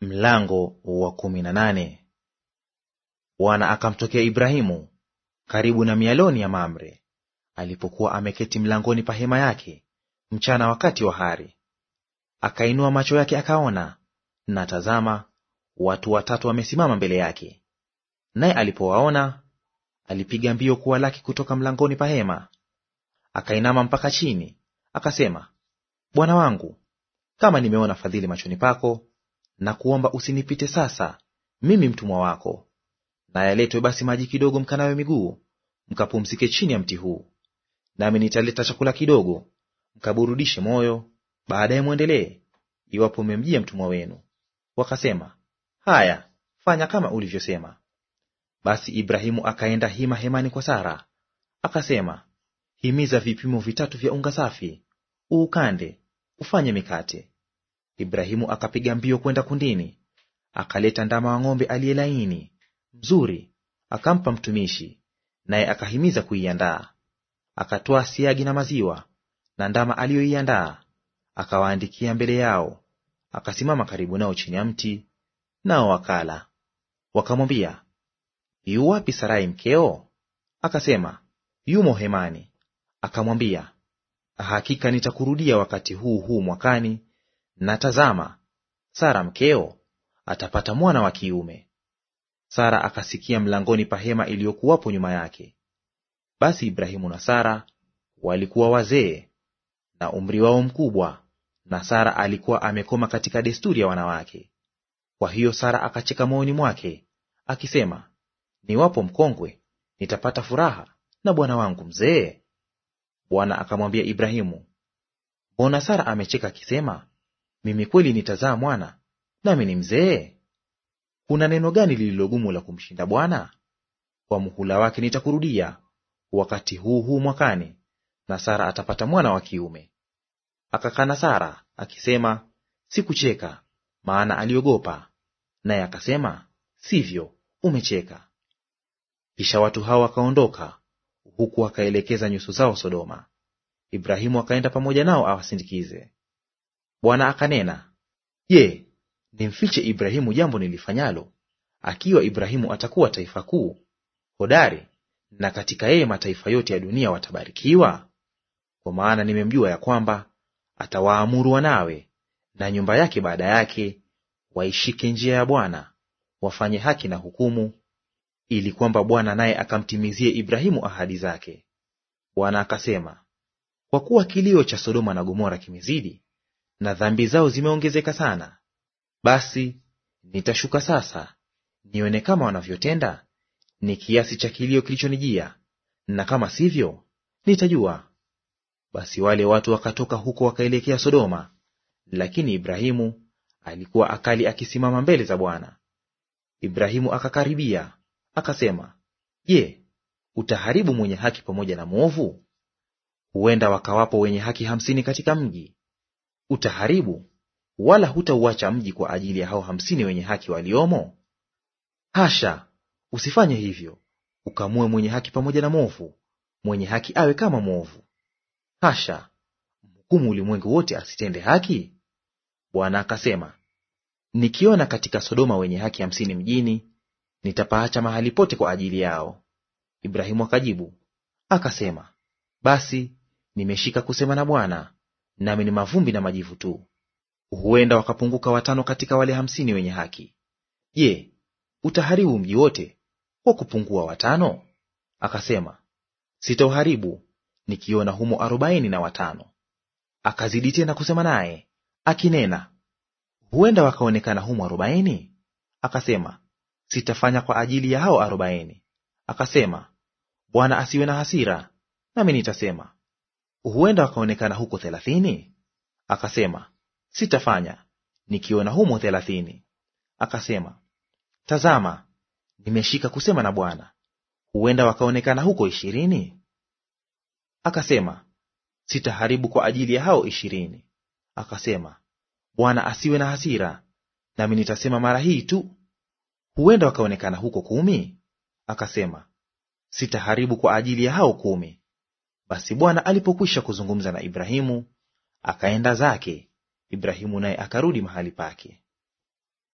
Mlango wa kumi na nane. Bwana akamtokea Ibrahimu karibu na mialoni ya Mamre, alipokuwa ameketi mlangoni pa hema yake mchana wakati wa hari. Akainua macho yake akaona, na tazama, watu watatu wamesimama mbele yake. Naye alipowaona alipiga mbio kuwa laki kutoka mlangoni pa hema, akainama mpaka chini, akasema, Bwana wangu, kama nimeona fadhili machoni pako na kuomba usinipite sasa, mimi mtumwa wako. Na yaletwe basi maji kidogo, mkanawe miguu, mkapumzike chini ya mti huu. Nami nitaleta chakula kidogo, mkaburudishe moyo, baadaye mwendelee, iwapo mmemjia mtumwa wenu. Wakasema, haya, fanya kama ulivyosema. Basi Ibrahimu akaenda hima hemani kwa Sara, akasema, himiza vipimo vitatu vya unga safi, uukande, ufanye mikate. Ibrahimu akapiga mbio kwenda kundini, akaleta ndama wa ng'ombe aliye laini mzuri, akampa mtumishi, naye akahimiza kuiandaa. Akatwaa siagi na maziwa na ndama aliyoiandaa, akawaandikia mbele yao, akasimama karibu nao chini ya mti, nao wakala. Wakamwambia, yu wapi Sarai mkeo? Akasema, yumo hemani. Akamwambia, hakika nitakurudia wakati huu huu mwakani na tazama, Sara mkeo atapata mwana wa kiume. Sara akasikia mlangoni pa hema iliyokuwapo nyuma yake. Basi Ibrahimu na Sara walikuwa wazee na umri wao mkubwa, na Sara alikuwa amekoma katika desturi ya wanawake. Kwa hiyo Sara akacheka moyoni mwake akisema, niwapo mkongwe nitapata furaha na bwana wangu mzee? Bwana akamwambia Ibrahimu, mbona Sara amecheka akisema, mimi kweli nitazaa mwana, nami ni mzee? Kuna neno gani lililogumu la kumshinda Bwana? Kwa muhula wake nitakurudia, wakati huu huu mwakani, na Sara atapata mwana wa kiume. Akakana Sara akisema, sikucheka, maana aliogopa. Naye akasema, sivyo, umecheka. Kisha watu hao wakaondoka, huku wakaelekeza nyuso zao Sodoma. Ibrahimu akaenda pamoja nao awasindikize. Bwana akanena, Je, nimfiche Ibrahimu jambo nilifanyalo, akiwa Ibrahimu atakuwa taifa kuu hodari, na katika yeye mataifa yote ya dunia watabarikiwa? Kwa maana nimemjua ya kwamba atawaamuru wanawe na nyumba yake baada yake waishike njia ya Bwana, wafanye haki na hukumu, ili kwamba Bwana naye akamtimizie Ibrahimu ahadi zake. Bwana akasema, kwa kuwa kilio cha Sodoma na Gomora kimezidi, na dhambi zao zimeongezeka sana. Basi nitashuka sasa, nione kama wanavyotenda ni kiasi cha kilio kilichonijia, na kama sivyo, nitajua. Basi wale watu wakatoka huko wakaelekea Sodoma, lakini Ibrahimu alikuwa akali akisimama mbele za Bwana. Ibrahimu akakaribia akasema, Je, utaharibu mwenye haki pamoja na mwovu? Huenda wakawapo wenye haki hamsini katika mji, utaharibu wala hutauacha mji kwa ajili ya hao hamsini wenye haki waliomo? Hasha, usifanye hivyo, ukamue mwenye haki pamoja na mwovu, mwenye haki awe kama mwovu. Hasha, mhukumu ulimwengu wote asitende haki? Bwana akasema, nikiona katika Sodoma wenye haki hamsini mjini, nitapaacha mahali pote kwa ajili yao. Ibrahimu akajibu akasema, basi nimeshika kusema na Bwana nami ni mavumbi na majivu tu. Huenda wakapunguka watano katika wale hamsini wenye haki. Je, utaharibu mji wote kwa kupungua watano? Akasema, sitauharibu nikiona humo arobaini na watano. Akazidi tena kusema naye akinena, huenda wakaonekana humo arobaini. Akasema, sitafanya kwa ajili ya hao arobaini. Akasema, Bwana asiwe na hasira, nami nitasema huenda wakaonekana huko thelathini? Akasema, sitafanya nikiona humo thelathini. Akasema, tazama, nimeshika kusema na Bwana, huenda wakaonekana huko ishirini? Akasema, sitaharibu kwa ajili ya hao ishirini. Akasema, Bwana asiwe na hasira, nami nitasema mara hii tu, huenda wakaonekana huko kumi? Akasema, sitaharibu kwa ajili ya hao kumi. Basi Bwana alipokwisha kuzungumza na Ibrahimu, akaenda zake, Ibrahimu naye akarudi mahali pake.